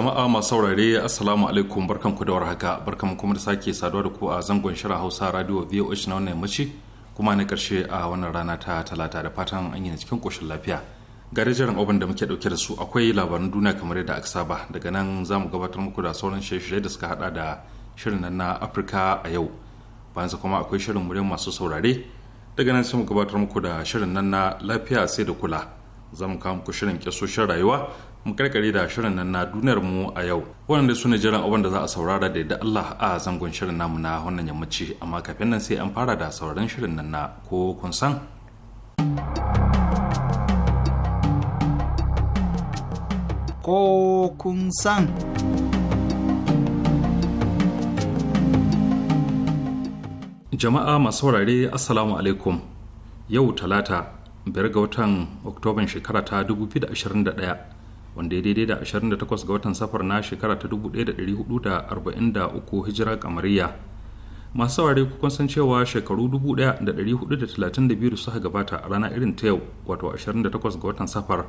jama'a masu saurare assalamu alaikum barkanku da warhaka barkanku kuma da sake saduwa da ku a zangon shirin hausa radio voh na wannan yammaci kuma na karshe a wannan rana ta talata da fatan an yi cikin koshin lafiya ga jiran abin da muke dauke da su akwai labaran duniya kamar yadda aka saba daga nan za mu gabatar muku da sauran shirye-shirye da suka hada da shirin nan na afirka a yau bayan kuma akwai shirin muryar masu saurare daga nan sai mu gabatar muku da shirin nan na lafiya sai da kula za mu kawo muku shirin kyasoshin rayuwa mu karkare da shirin nan na duniyar mu a yau waɗanda su ne jiran abin da za a saurara da yadda Allah a zangon shirin namu na wannan yammaci amma kafin nan sai an fara da sauraron shirin nan na ko kun san ko kun san jama'a masu saurare assalamu alaikum yau talata biyar ga watan oktoban shekara ta 2021 wanda ya daidai da 28 ga watan safar na shekara ta 1443 hijira kamariya masu saurari kun san cewa shekaru 1432 da suka gabata a rana irin ta yau wato 28 ga watan safar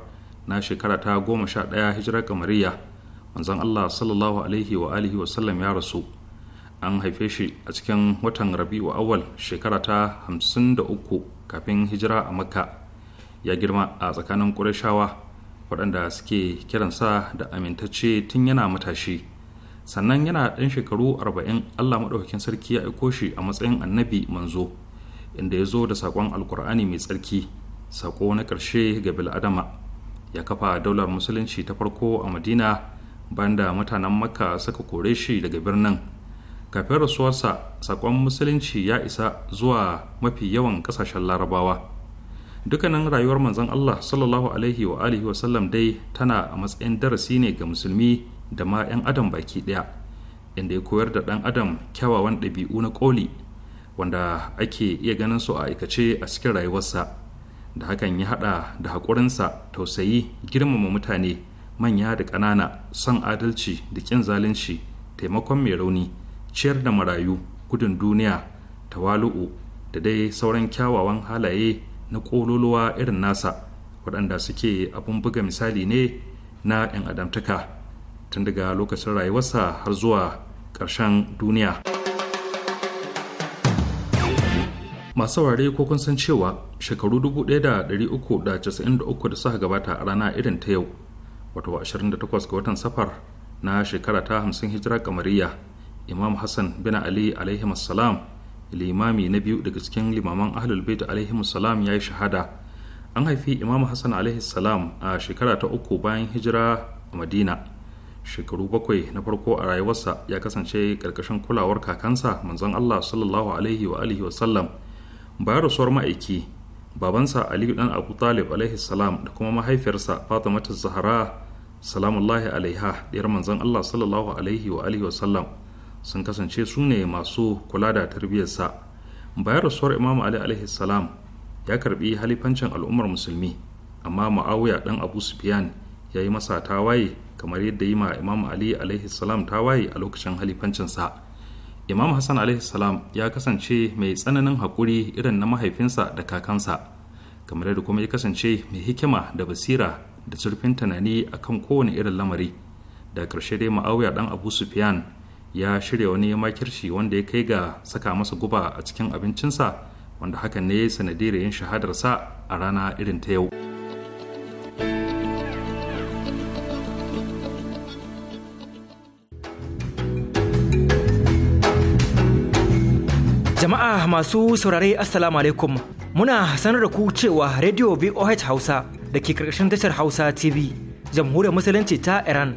na shekara ta 11 hijira kamariya manzon Allah sallallahu alaihi wa alihi wa sallam ya rasu an haife shi a cikin watan rabi'u awal shekara ta 53 kafin hijira a makka ya girma a tsakanin ƙurashawa waɗanda suke kiransa da amintacce tun yana matashi sannan yana ɗan shekaru arba'in allah maɗaukakin sarki ya aiko shi a matsayin annabi manzo inda ya zo da saƙon alkur'ani mai tsarki saƙo na ƙarshe ga bil'adama ya kafa daular musulunci ta farko a madina bayan da mutanen makka suka kore shi daga birnin kafin rasuwarsa saƙon musulunci ya isa zuwa mafi yawan ƙasashen larabawa dukkanin rayuwar manzon Allah sallallahu alaihi wa alihi wa sallam dai tana a matsayin darasi ne ga musulmi da ma 'yan adam baki daya inda ya koyar da dan adam kyawawan ɗabi'u na koli wanda ake iya ganin su a aikace a cikin rayuwarsa da hakan ya hada da haƙurinsa tausayi girmama mutane manya da ƙanana son adalci da ƙin zalunci taimakon mai rauni ciyar da marayu gudun duniya tawalu'u da dai sauran kyawawan halaye na ƙololuwa irin nasa waɗanda suke abin buga misali ne na 'yan adamtaka tun daga lokacin rayuwarsa har zuwa ƙarshen duniya masu ware ko kun san cewa shekaru 1393 da suka gabata a rana irin ta yau wato 28 ga watan safar na shekara ta 50 hijira kamariya imam hassan bin ali alaihi limami na biyu daga cikin limaman ahlul bait alaihi salam ya yi shahada an haifi imamu hassan alaihi salam a shekara ta uku bayan hijira a madina shekaru bakwai na farko a rayuwarsa ya kasance karkashin kulawar kakansa manzon allah sallallahu alaihi wa alihi wasallam bayan rasuwar ma'aiki babansa aliyu dan abu talib alaihi salam da kuma mahaifiyarsa fatimatu zahra salamullahi alaiha diyar manzon allah sallallahu alaihi wa alihi wasallam sun kasance su ne masu kula da tarbiyyarsa bayan rasuwar imamu ali alaihi salam ya karbi halifancin al'ummar musulmi amma ma'awiya dan abu sufyan ya yi masa tawaye kamar yadda yi ma imamu ali alaihi salam tawaye a lokacin halifancinsa imam hassan alaihi salam ya kasance mai tsananin haƙuri irin na mahaifinsa da kakansa kamar yadda kuma ya kasance mai hikima da basira da zurfin tunani akan kowane irin lamari da ƙarshe dai ma'awiya dan abu sufyan ya shirya wani makirci wanda ya kai ga saka masa guba a cikin abincinsa wanda hakan ne sanadiyar yin shahadarsa a rana irin ta yau jama'a masu saurare assalamu alaikum muna sanar da ku cewa radio voh hausa da ke karkashin tashar hausa tv jamhuriyar musulunci ta iran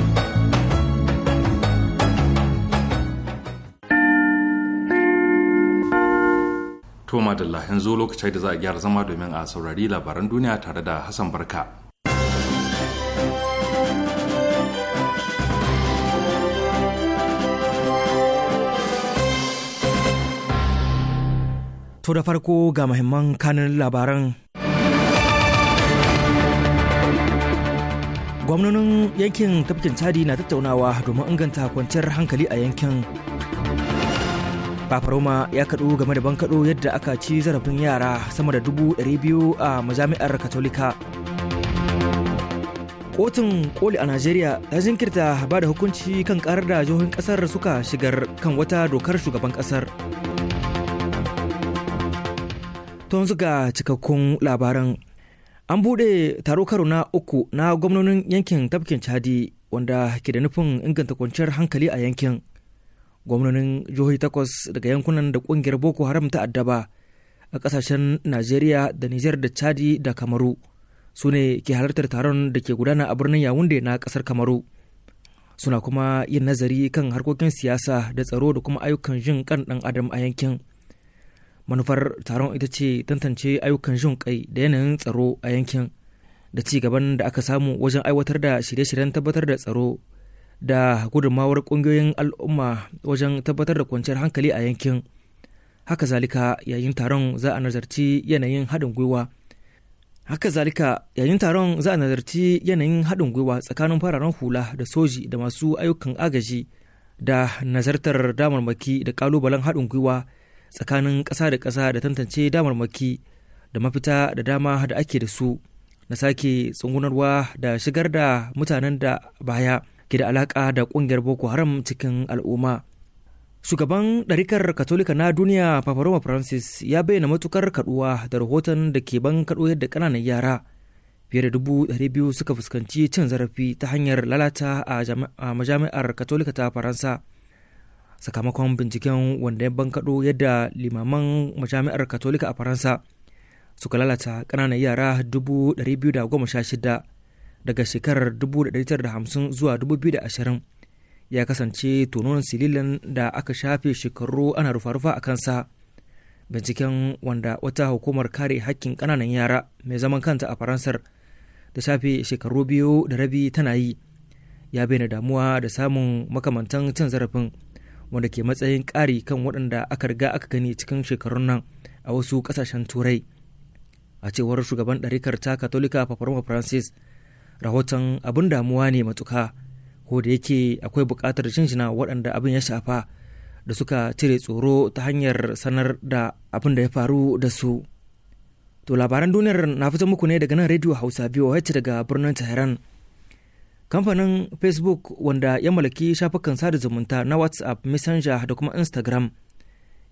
To madalla yanzu lokacin da za a gyara zama domin a saurari labaran duniya tare da Hassan Barka. To da farko ga mahimman kanin labaran. Gwamnonin yankin tafkin Chadi na tattaunawa domin inganta kwanciyar hankali a yankin. Bafaroma ya kaɗu game da bankaɗo yadda aka ci zarafin yara sama da dubu ɗari biyu a majami'ar Katolika. Kotun koli a Najeriya ta jinkirta ba da hukunci kan karar da jihohin ƙasar suka shigar kan wata dokar shugaban ƙasar. Tun zuga cikakkun labaran an buɗe taro karo na uku na gwamnonin yankin tafkin Chadi wanda ke da nufin inganta kwanciyar hankali a yankin. gwamnonin jihohi takwas daga yankunan da kungiyar boko haram ta addaba a kasashen najeriya da nijar da chadi da kamaru su ne ke halartar taron da ke gudana a birnin yawunde na kasar kamaru suna kuma yin nazari kan harkokin siyasa da tsaro da kuma ayyukan jin kan dan adam a yankin manufar taron ita ce tantance ayyukan jin kai da yanayin tsaro a yankin da ci gaban da aka samu wajen aiwatar da shirye-shiryen tabbatar da tsaro da gudummawar ƙungiyoyin al'umma wajen tabbatar da kwanciyar hankali a yankin haka zalika yayin taron za a nazarci yanayin haɗin gwiwa haka zalika yayin taron za a nazarci yanayin haɗin gwiwa tsakanin fararen hula da soji da masu ayyukan agaji da nazartar damarmaki da kalubalen haɗin gwiwa tsakanin ƙasa da ƙasa da tantance damarmaki da mafita da dama da ake da su na sake tsungunarwa da shigar da mutanen da baya ke da alaka da ƙungiyar Boko Haram cikin al'umma. Shugaban ɗarikar Katolika na duniya Papa Roma Francis ya bayyana matukar kaduwa da rahoton da ke ban kaɗo yadda ƙananan yara fiye da dubu ɗari biyu suka fuskanci cin zarafi ta hanyar lalata a majami'ar Katolika ta Faransa. Sakamakon binciken wanda ya bankaɗo yadda limaman majami'ar Katolika a Faransa suka lalata ƙananan yara dubu ɗari biyu da goma sha shida daga shekarar 1950 zuwa 2020 ya kasance tonon sililin da aka shafe shekaru ana rufa-rufa a kansa binciken wanda wata hukumar kare hakkin ƙananan yara mai zaman kanta a faransar da shafe shekaru biyu da rabi tana yi ya bayyana damuwa da samun makamantan cin zarafin wanda ke matsayin ƙari kan waɗanda aka riga aka gani cikin shekarun nan a wasu ƙasashen turai a cewar shugaban ɗarikar ta katolika papa francis rahoton abin damuwa ne matuka ko da yake akwai buƙatar jinjina waɗanda abin ya shafa da suka cire tsoro ta hanyar sanar da abin da ya faru da su to labaran duniyar na fito muku ne daga nan rediyo hausa biyu wacce daga birnin tehran kamfanin facebook wanda ya mallaki shafukan sada zumunta na whatsapp messenger da kuma instagram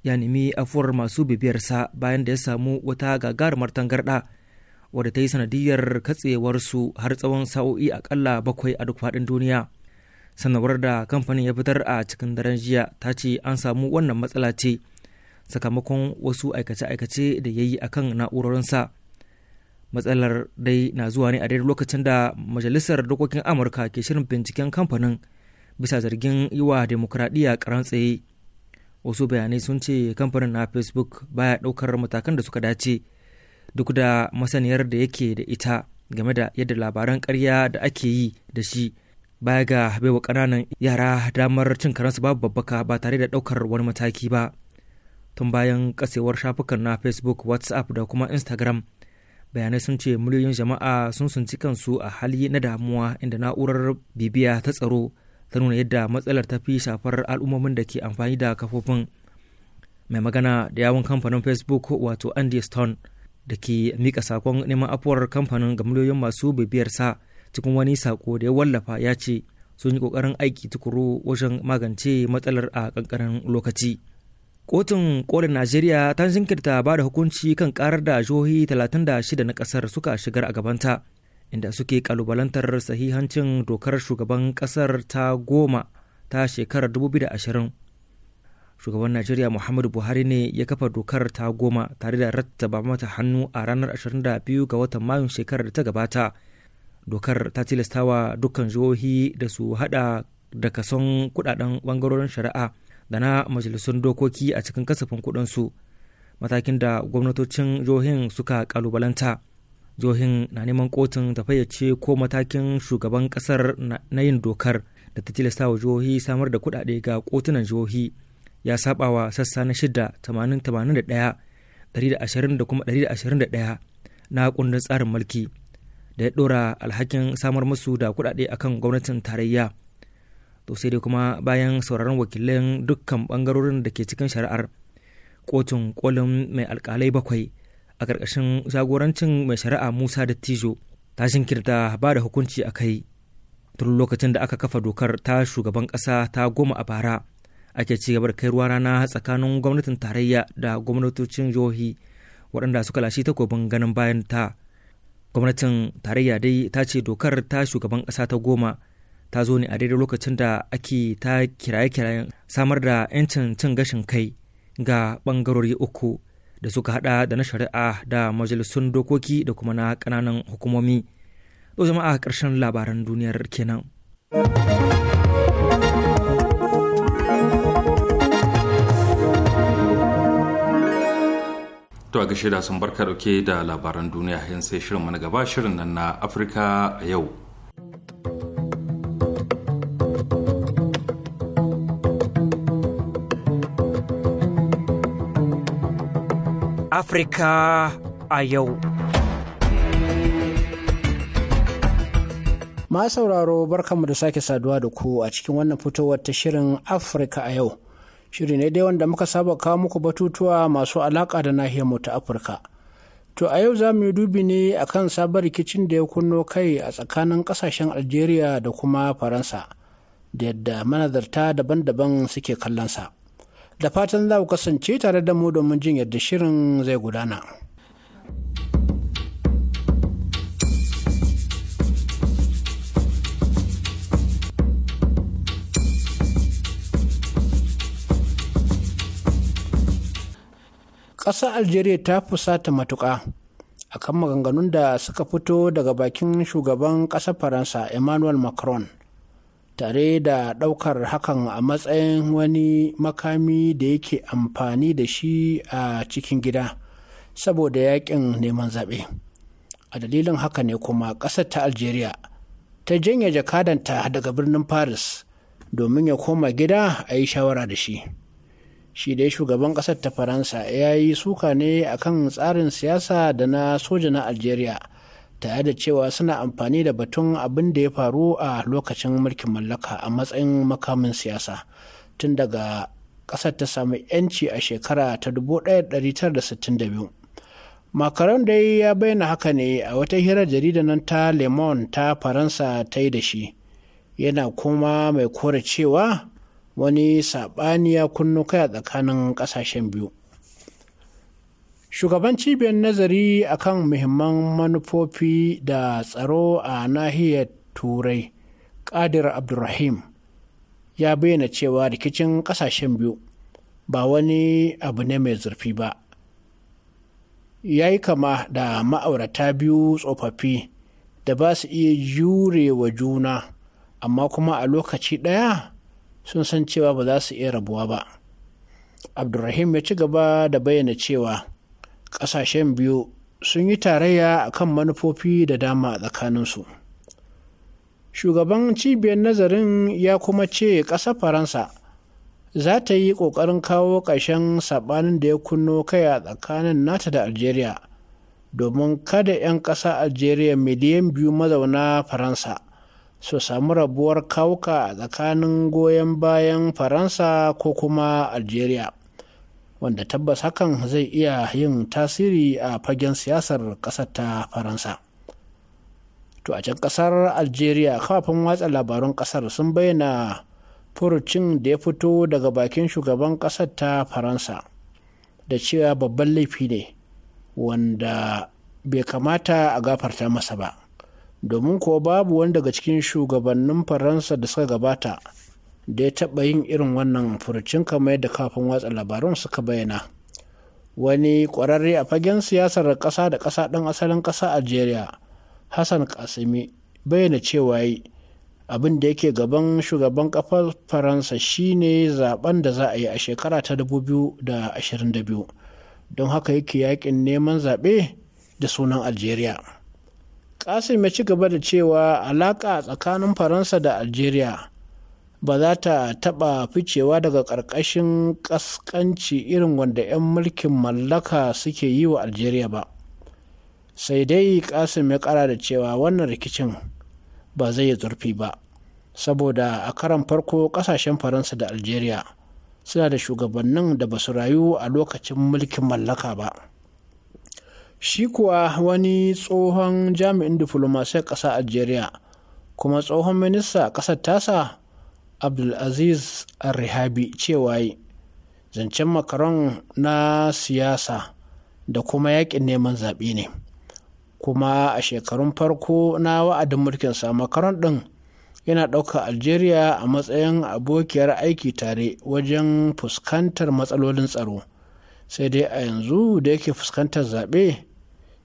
ya nemi afuwar masu bibiyarsa bayan da ya samu wata gagarumar tangarɗa wadda ta yi sanadiyar katsewarsu har tsawon sa'o'i akalla bakwai a duk faɗin duniya sanarwar da kamfanin ya fitar a cikin daren jiya ta ce an samu wannan matsala ce sakamakon wasu aikace-aikace da ya yi a kan na'urorinsa matsalar dai na zuwa ne a daidai lokacin da majalisar dokokin amurka ke shirin binciken kamfanin bisa zargin yi wa demokuraɗiyya karan tsaye wasu bayanai sun ce kamfanin na facebook baya ɗaukar matakan da suka dace duk da masaniyar da yake da ita game da yadda labaran karya da ake yi da shi baya ga baiwa kananan yara damar cin karansu babu babbaka ba tare da ɗaukar wani mataki ba tun bayan kasewar shafukan na facebook whatsapp da kuma instagram bayanai sun ce miliyoyin jama'a sun sunci kansu a hali na damuwa inda na'urar bibiya ta tsaro ta nuna yadda matsalar ta fi shafar al'ummomin da ke amfani da kafofin mai magana da yawon kamfanin facebook wato andy stone da ke mika sakon neman afuwar kamfanin ga miliyoyin masu bibiyar sa cikin wani sako da ya wallafa ya ce sun yi kokarin aiki tukuru wajen magance matsalar a kankanin lokaci kotun kolin najeriya ta jinkirta ba da hukunci kan karar da jihohi 36 na kasar suka shigar a gabanta inda suke kalubalantar sahihancin dokar shugaban kasar ta goma ta shekarar 2020 shugaban najeriya muhammadu buhari ne ya kafa dokar ta goma tare da rattaba mata hannu a ranar 22 ga watan mayun shekarar da ta gabata dokar ta tilastawa dukkan jihohi da su hada da kason kudaden bangarorin shari'a da na majalisun dokoki a cikin kasafin kudinsu matakin da gwamnatocin jihohin suka kalubalanta jihohin na neman kotun ta fayyace ko matakin shugaban kasar na yin dokar da ta tilasta wa jihohi samar da kudade ga kotunan jihohi ya saba wa sassa na 6 80 81 120 da kuma 121 na kundin tsarin mulki da ya dora alhakin samar musu da kudade akan gwamnatin tarayya to sai dai kuma bayan sauraron wakilan dukkan bangarorin da ke cikin shari'ar kotun kolin mai alkalai bakwai a ƙarƙashin jagorancin mai shari'a musa da tijo ta shinkirta ba da hukunci a kai tun lokacin da aka kafa dokar ta shugaban ƙasa ta goma a bara ake ci gaba da kai ruwa rana tsakanin gwamnatin tarayya da gwamnatocin jihohi waɗanda suka lashe takobin ganin bayan ta gwamnatin tarayya dai ta ce dokar ta shugaban ƙasa ta goma ta zo ne a daidai lokacin da ake ta kiraye-kirayen samar da 'yancin cin gashin kai ga ɓangarori uku da suka hada da na shari'a da majalisun dokoki da kuma na ƙananan hukumomi. zama a ƙarshen labaran duniyar kenan. To ga shida sun barka dauke da labaran duniya yan sai shirin mana gaba shirin nan na Afirka a yau. Afirka a yau. Ma sauraro barkanmu da sake saduwa da ku a cikin wannan fitowar ta shirin Afirka a yau. shiri ne dai wanda muka saba kawo muku batutuwa masu alaƙa da nahiyarmu ta afirka to a yau za mu yi dubi ne akan sabon rikicin da ya kunno kai a tsakanin kasashen algeria da kuma faransa da yadda manazarta daban-daban suke kallonsa da fatan za ku kasance tare da mu domin jin yadda shirin zai gudana. ƙasar algeria ta fusata matuƙa kan maganganun da suka fito daga bakin shugaban ƙasar faransa emmanuel macron tare da ɗaukar hakan a matsayin wani makami da yake amfani da shi a cikin gida saboda yakin neman zaɓe a dalilin haka ne kuma ƙasar ta algeria ta janye jakadanta daga birnin paris domin ya koma gida a yi shawara da shi shi dai shugaban ƙasar ta faransa ya yi suka ne akan tsarin siyasa da na soja na algeria tare da cewa suna amfani da batun abin da ya faru a lokacin mulkin mallaka a matsayin makamin siyasa tun daga ƙasar ta samu 'yanci a shekara ta 1962 makaron dai ya bayyana haka ne a wata hirar jarida nan ta le ta faransa ta yi da shi yana kuma mai kore cewa wani saɓani ya kunnu kai a tsakanin ƙasashen biyu shugaban cibiyar nazari a kan muhimman manufofi da tsaro a nahiyar turai kadir abdulrahim ya bayyana cewa rikicin ƙasashen biyu ba wani abu ne mai zurfi ba ya yi kama da ma'aurata biyu tsofaffi da ba su iya jure wa juna amma kuma a lokaci ɗaya sun san cewa ba za su iya rabuwa ba abdulrahim ya ci gaba da bayyana cewa ƙasashen biyu sun yi tarayya a kan manufofi da dama a tsakaninsu shugaban cibiyar nazarin ya kuma ce ƙasar faransa za ta yi ƙoƙarin kawo ƙarshen saɓanin da ya kunno kai a tsakanin nata da algeria domin kada 'yan ƙasa algeria miliyan biyu mazauna faransa su samu rabuwar kawuka a tsakanin goyon bayan faransa ko kuma algeria wanda tabbas hakan zai iya yin tasiri a fagen siyasar ƙasar ta faransa to a can ƙasar algeria kafin watsa labarun ƙasar sun bayyana furucin da ya fito daga bakin shugaban ƙasar ta faransa da cewa babban laifi ne wanda bai kamata a gafarta masa ba domin kuwa babu wani daga cikin shugabannin faransa da suka gabata da ya taɓa yin irin wannan furucin kamar yadda kafin watsa labarun suka bayyana wani ƙwararre a fagen siyasar ƙasa da ƙasa ɗan asalin ƙasa algeria hassan kasimi bayyana cewa yi abin da yake gaban shugaban kafar faransa shine zaben da za a yi a shekara ta 2022 don haka yake yakin neman zaɓe da sunan algeria kasim ya ci gaba da cewa alaƙa tsakanin faransa da algeria ba za ta taɓa ficewa daga ƙarƙashin ƙasƙanci irin wanda 'yan mulkin mallaka suke yi wa algeria ba sai dai kasim ya ƙara da cewa wannan rikicin ba zai yi zurfi ba saboda a karan farko ƙasashen faransa da algeria suna da shugabannin da ba su rayu a lokacin mulkin mallaka ba. shi kuwa wani tsohon jami'in diflomasiyar ƙasa algeria kuma tsohon minista a ƙasar tasa abdulaziz arrihabi cewa yi zancen makaron na siyasa da kuma yaƙin neman zaɓe ne kuma a shekarun farko na wa'adin mulkinsa makaron ɗin yana ɗauka algeria a matsayin abokiyar aiki tare wajen fuskantar matsalolin tsaro sai dai a yanzu da yake fuskantar zaɓe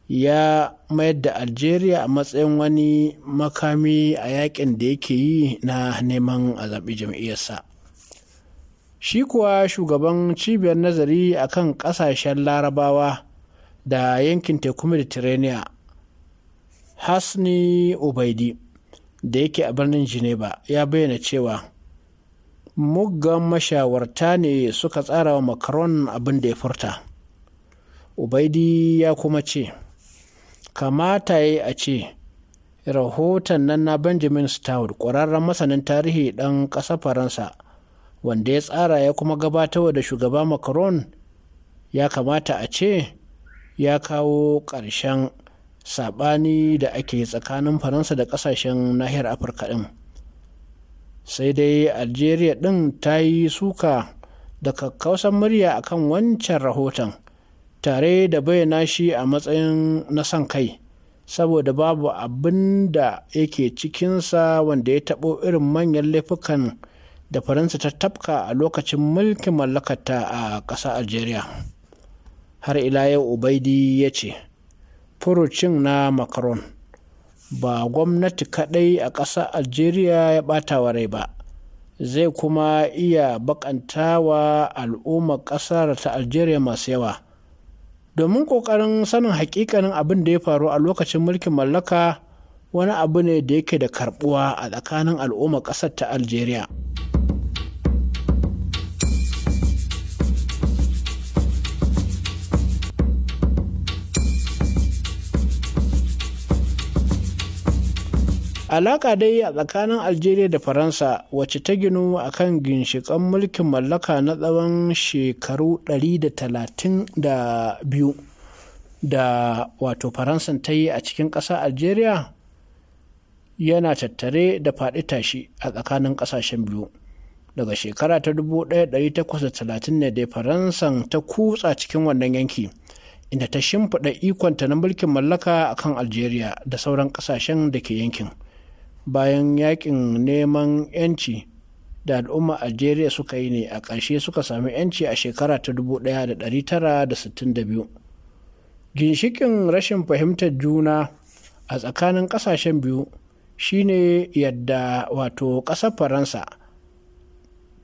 ya mayar da algeria a matsayin wani makami a yakin da yake yi na neman a zaɓi jam'iyyarsa shi kuwa shugaban cibiyar nazari a kan ƙasashen larabawa da yankin teku mediterranean hasni ubaidi da yake a birnin geneva ya bayyana cewa muggan mashawarta ne suka tsara wa macron abin da ya furta ubaidi ya kuma ce kamata ya yi a ce rahoton nan na benjamin stout ƙwararren masanin tarihi ɗan ƙasar faransa wanda ya tsara ya kuma gabatarwa da shugaba macron ya kamata a ce ya kawo ƙarshen saɓani da ake tsakanin faransa da ƙasashen nahiyar afirka ɗin sai dai algeria ɗin ta yi suka da kakkausan murya akan wancan rahoton tare da bayyana shi a matsayin na son kai saboda babu abin da yake cikinsa wanda ya taɓo irin manyan laifukan da faransa ta tafka a lokacin mulkin mallakata a ƙasa algeria har ila yau ubaidi ya ce furucin na macron ba gwamnati kaɗai a ƙasa algeria ya ɓata wa rai ba zai kuma iya baƙantawa al'ummar ƙasar ta algeria masu yawa domin ƙoƙarin sanin hakikanin abin da ya faru a lokacin mulkin mallaka wani abu ne da yake da karbuwa a tsakanin al'ummar ƙasar ta algeria alaƙa dai a tsakanin algeria da faransa wace ta ginu a kan ginshiƙan mulkin mallaka na tsawon shekaru 132 da wato faransan ta yi a cikin ƙasa algeria yana tattare da faɗi tashi a tsakanin ƙasashen biyu daga shekara ta 1830 ne da faransan ta kutsa cikin wannan yanki inda ta shimfiɗa ikonta na mulkin mallaka a kan algeria da sauran ƙasashen da ke yankin bayan yakin neman 'yanci da al'umma algeria suka yi ne a ƙarshe suka sami 'yanci a shekara ta 1962 ginshikin rashin fahimtar juna a tsakanin ƙasashen biyu shine yadda wato ƙasar faransa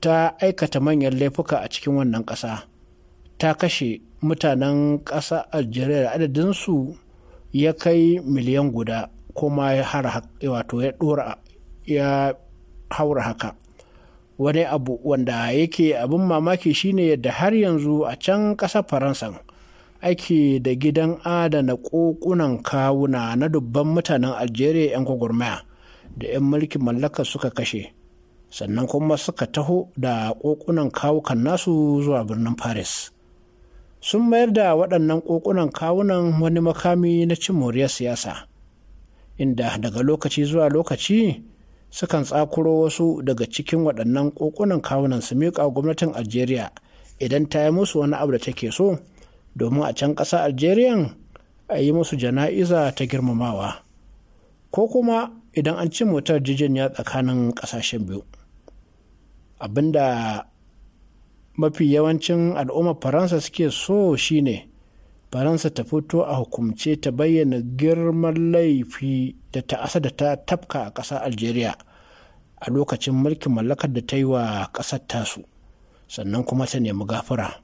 ta aikata manyan laifuka a cikin wannan ƙasa ta kashe mutanen ƙasa algeria da adadinsu ya kai miliyan guda kuma ya hara wato ya dora ya haura haka wani abu wanda yake abin mamaki shine yadda har yanzu a can ƙasar faransa ake da gidan adana kokunan kawuna na dubban mutanen algeria 'yan gwagwarmaya da 'yan mulkin mallaka suka kashe sannan kuma suka taho da kokunan kawukan nasu zuwa birnin paris sun mayar da waɗannan kokunan kawunan wani makami na cin moriyar siyasa inda daga lokaci zuwa lokaci sukan tsakuro wasu daga cikin waɗannan kokunan kawunan su miƙa gwamnatin algeria idan ta yi musu wani abu da take so domin a can ƙasa algeria a yi musu jana'iza ta girmamawa ko kuma idan an ci motar jijiniya tsakanin ƙasashen biyu abinda mafi yawancin al'ummar faransa suke so shine faransa ta fito a hukumce ta bayyana girman laifi da ta'asa da ta tafka a ƙasar algeria a lokacin mulkin mallakar da ta yi wa ƙasar tasu sannan kuma ta nemi gafara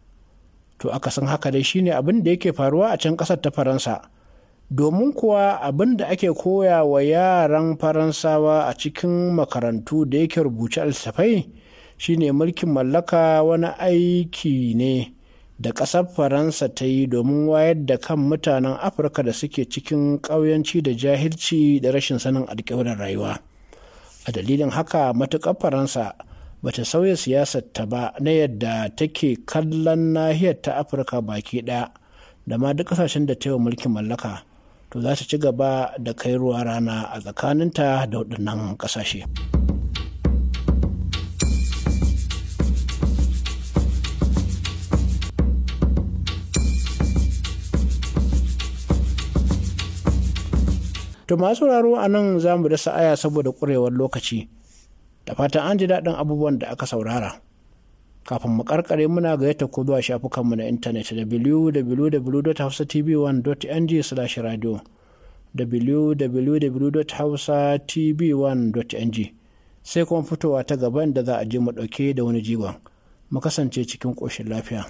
to san haka dai shine abin da yake faruwa a can ƙasar ta faransa domin kuwa abin da ake koya wa yaran faransawa a cikin makarantu da yake rubuce alsafai shine mulkin mallaka wani aiki ne. da ƙasar faransa ta yi domin wayar da kan mutanen afirka da suke cikin ƙauyanci da jahilci da rashin sanin alƙawarin rayuwa a dalilin haka matuƙar faransa bata sauya siyasar ta ba na yadda take kallon nahiyar ta afirka baki ɗaya da ma duk ƙasashen da ta yi mulkin mallaka to za ta ci gaba da kai ruwa rana a tsakaninta da waɗannan ƙasashe. to masu sauraro a nan za mu dasa aya saboda ƙurewar lokaci da fatan an ji daɗin abubuwan da aka saurara kafin mu karkare muna gayyata ko zuwa shafukanmu na intanet www.hausatv1.ng/radio www.hausatv1.ng sai kuma fitowa ta gaban da za a je mu ɗauke da wani jigon mu kasance cikin ƙoshin lafiya.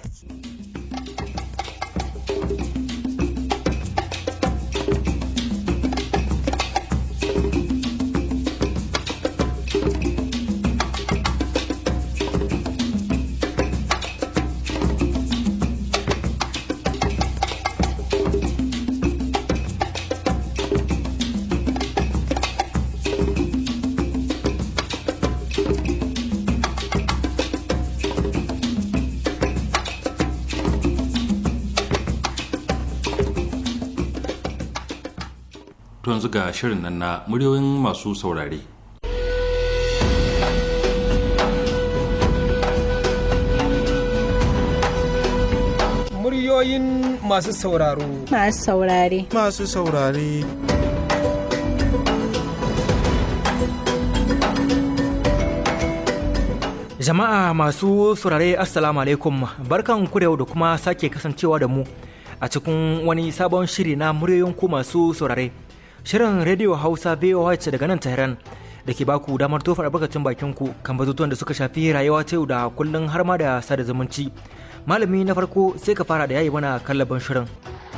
yanzu ga shirin nan na muryoyin masu saurare. Muryoyin masu sauraro. Masu saurare. Masu saurare. Jama'a masu saurare Assalamu alaikum barkan ku da kuma sake kasancewa da mu a cikin wani sabon shiri na muryoyin ku masu saurare. Shirin Radio Hausa VOH daga nan Tehran da ke baku damar tofa albarkacin bakin ku kan batutuwan da suka shafi rayuwa ta yau da kullun har ma da sada zumunci. Malami na farko sai ka fara da yayi mana kallaban shirin.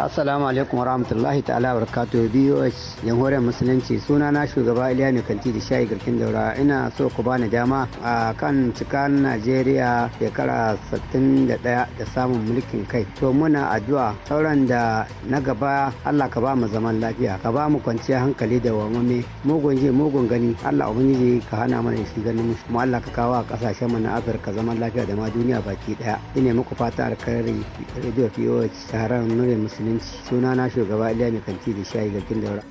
assalamu alaikum warahmatullahi ta'ala barakatuhu BOS jamhuriyar musulunci suna na shugaba Iliya mai kanti da shayi garkin daura ina so ku bani dama a kan cika Najeriya shekara 61 da samun mulkin kai to muna addu'a sauran da na gaba Allah ka ba mu zaman lafiya ka ba mu kwanciya hankali da wamame mugun ji mugun gani Allah ubangiji ka hana mana shi ganin mu kuma Allah ka kawo a kasashen mu na Afirka zaman lafiya da ma duniya baki daya ina muku fata alkhairi radio POS shahararren nure musulunci musulunci na shugaba iliya mai kanti da shayi garkin daura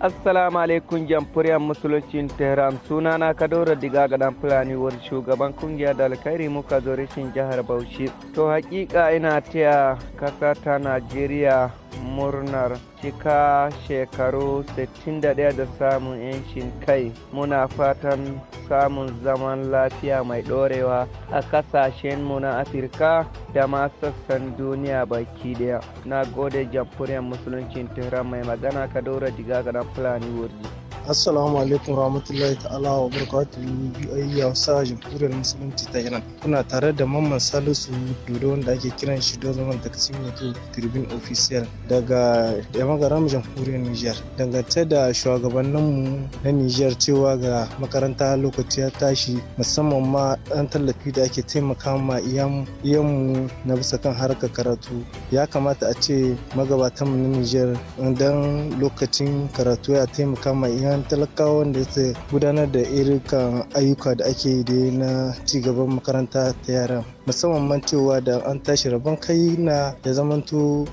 assalamu alaikum jamhuriyar musuluncin tehran na kadora diga gadan fulani wani shugaban kungiyar da alkhairi muka zo rashin jihar bauchi to hakika ina taya kasa ta najeriya murnar cika shekaru 61 da samun 'yancin kai muna fatan samun zaman lafiya mai ɗorewa a ƙasashenmu na afirka da ma sassan duniya baki daya na gode jamhuriyar musuluncin tehran mai magana kadora diga ga fulani wurji assalamu alaikum rahmatullahi ta'ala wa barakatuhu biyu hausa jamhuriyar musulunci ta iran kuna tare da mamman salisu dodo wanda ake kiran shi don zaman takasi ne ke tribune official daga yamagaram jamhuriyar niger dangance da shugabanninmu na niger cewa ga makaranta lokaci ya tashi musamman ma dan tallafi da ake taimaka ma iyanmu na bisa kan harkar karatu ya kamata a ce mu na niger dan lokacin karatu ya taimaka ma iyan ainihin talakawan da su gudanar da irukan ayyuka da ake yi dai na cigaban makaranta ta yara musamman man cewa da an tashi rabon kai na ya zamanto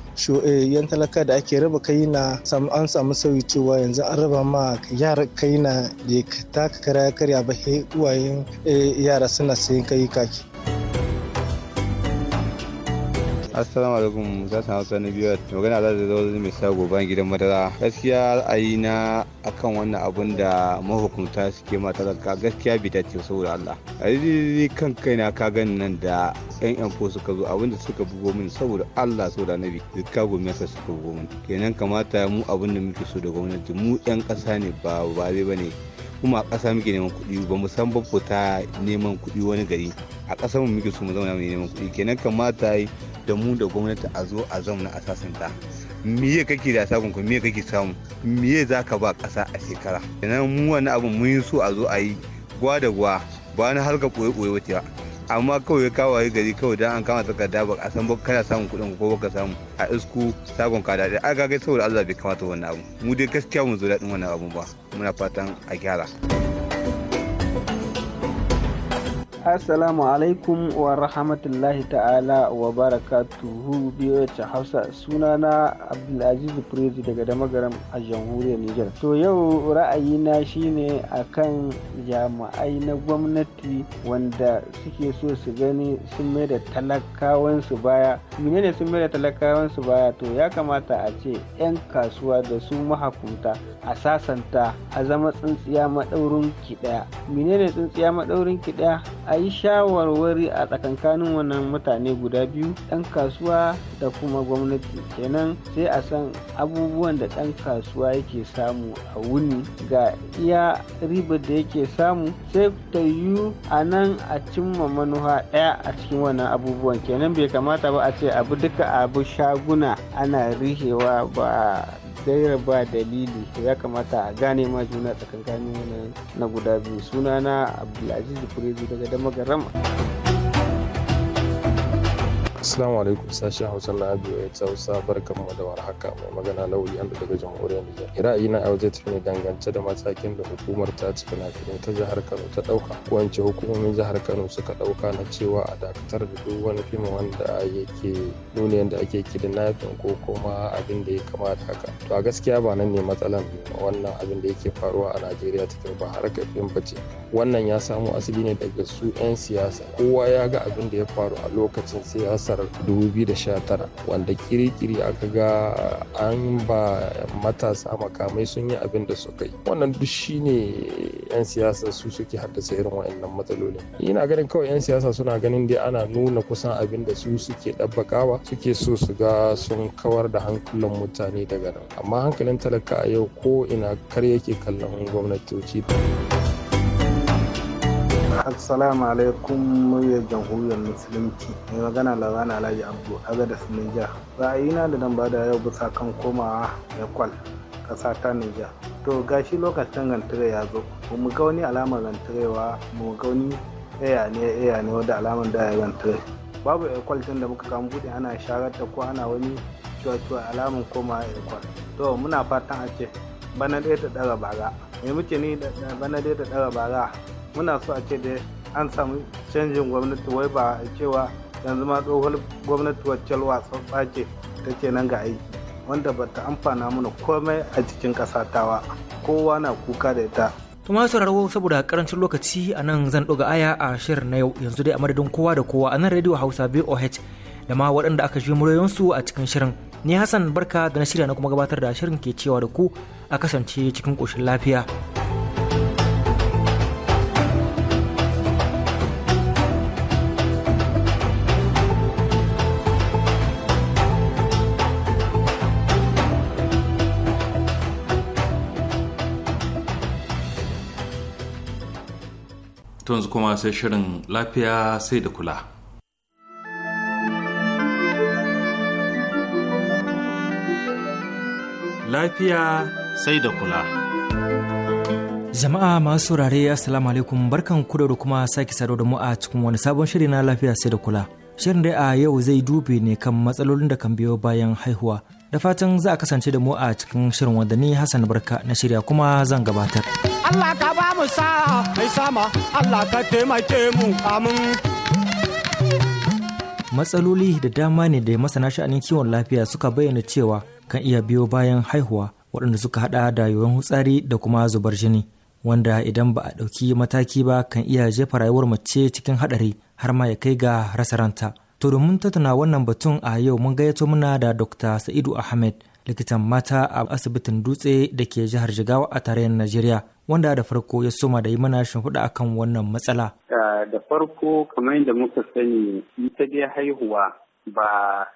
eh, yan talaka da ake raba kai na an samu sauyi cewa yanzu an raba ma yara kai na da ya taka kara karya ba uwayen eh, yara suna sayan kai kaki assalamu alaikum sassan hausa na biyar magana za ta zo mai sa goban gidan madara gaskiya ra'ayi na akan wannan abun da mahukunta suke ma talaka gaskiya bi ta ce saboda Allah a yi kan kaina ka gani nan da yan yan ko suka zo abin da suka bugo min saboda Allah saboda nabi zikka gwamnati suka bugo min kenan kamata mu abin da muke so da gwamnati mu yan ƙasa ne ba ba ne kuma a ƙasa muke neman kuɗi ba mu san babu ta neman kuɗi wani gari a ƙasa mu muke so mu zama neman kuɗi kenan kamata da mu da gwamnati a zo a zauna a sasanta miye kake da sakon ku miye kake samu miye za ka ba ƙasa a shekara idan mu wani abu mun so a zo a yi gwa da gwa ba na halka ɓoye ɓoye wace ba amma kawai kawai gari kawai dan an kama da ba a san ba kana samun kuɗin ko baka samu a isku sabon ka daɗi a gagai saboda Allah bai kamata wannan abu mu dai gaskiya mun zo daɗin wannan abu ba muna fatan a gyara. Assalamu alaikum wa rahmatullahi ta'ala wa barakatuhu biyo ta Hausa sunana Abdulaziz Prezi daga Damagaram a jamhuriyar Nijar. To yau ra'ayina shine akan jami'ai na gwamnati wanda suke so su gani sun mai da talakawansu baya. Menene sun mai da talakawansu baya to ya kamata a ce 'yan kasuwa da su mahakunta a sasanta a zama tsintsiya maɗaurin ki ɗaya. Menene tsintsiya maɗaurin ki ɗaya? a yi shawarwari a tsakankanin wannan mutane guda biyu ɗan kasuwa da kuma gwamnati kenan sai a san abubuwan da ɗan kasuwa yake samu a wuni ga iya ribar da yake samu sai ta yi a nan a cimma manuha ɗaya a cikin wannan abubuwan kenan bai kamata ba a ce abu duka abu shaguna ana rihewa ba gaira ba dalili ya kamata a gane ma juna tsakankanin na guda biyu sunana abdulaziz kurezi daga damagaram Assalamu alaikum sashen Hausa na Abu ya Hausa mu da warhaka mai magana nau'i an daga jamhuriyar Nijar. Ra'ayi na Abu ne dangance da matakin da hukumar ta ci na finai ta jihar Kano ta dauka Ko hukumomin jihar Kano suka dauka na cewa a dakatar da duk wani fim wanda yake nuna yadda ake kidnapping ko kuma abin da ya kamata haka. To a gaskiya ba nan ne matsalan wannan abin da yake faruwa a Najeriya cikin ba harkar fim ba Wannan ya samo asali ne daga su 'yan siyasa. Kowa ya ga abin da ya faru a lokacin siyasa shekarar 2019 wanda kirikiri aka ga an ba matasa makamai sun yi abin da suka yi wannan duk shine yan siyasa su suke haddasa irin wa'annan matsalolin ina ganin kawai yan siyasa suna ganin dai ana nuna kusan abin da su suke ɗabbakawa suke so su ga sun kawar da hankulan mutane daga nan amma hankalin talaka a yau ko ina kar yake kallon gwamnatoci assalamu alaikum muryar jamhuriyar musulunci mai magana labaran alhaji abdu da a niger na da nan da yau bisa kan komawa nepal ƙasa ta niger to gashi lokacin gantare ya zo ba mu ga wani alamar gantarewa ba mu ga wani eya ne eya ne wanda alamar da ya gantare babu nepal tun da muka kama buɗe ana sharar da ko ana wani cuwa-cuwa alamar komawa nepal to muna fatan a ce bana ɗaya ta ɗara bara me muke ni bana ɗaya ta ɗara bara muna so a ce da an samu canjin gwamnati wai ba cewa yanzu ma tsohon gwamnati wacce watsatsa ce take nan ga aiki wanda ba ta amfana mana komai a cikin ƙasa tawa kowa na kuka da ita Tuma sauraro saboda karancin lokaci a nan zan ɗoga aya a shirin na yau yanzu dai a madadin kowa da kowa a nan radio hausa boh da ma waɗanda aka shi muryoyinsu a cikin shirin ni hassan barka da na shirya na kuma gabatar da shirin ke cewa da ku a kasance cikin koshin lafiya. to kuma sai shirin lafiya sai da kula lafiya sai da kula jama'a masu saurare assalamu alaikum barkan ku da kuma sake saro da mu a cikin wani sabon shiri na lafiya sai da kula shirin dai a yau zai dube ne kan matsalolin da kan biyo bayan haihuwa da fatan za a kasance da mu a cikin shirin wandani Hassan Barka na shirya kuma zan gabatar. Allah ka ba mu sa'a mai sama Allah ka taimake mu amin. Matsaloli da dama ne da masana sha'anin kiwon lafiya suka bayyana cewa kan iya biyo bayan haihuwa waɗanda suka haɗa da yawan hutsari da kuma zubar jini. wanda idan ba a ɗauki mataki ba kan iya jefa rayuwar mace cikin haɗari har ma ya kai ga rasa ranta. To domin tattauna wannan batun a yau mun gayyato muna da Dr. Sa'idu Ahmed likitan mata a asibitin dutse da ke jihar Jigawa a tarayyar Najeriya wanda da farko ya soma da yi mana shimfiɗa a kan wannan matsala. Da farko kamar yadda muka sani ita dai haihuwa ba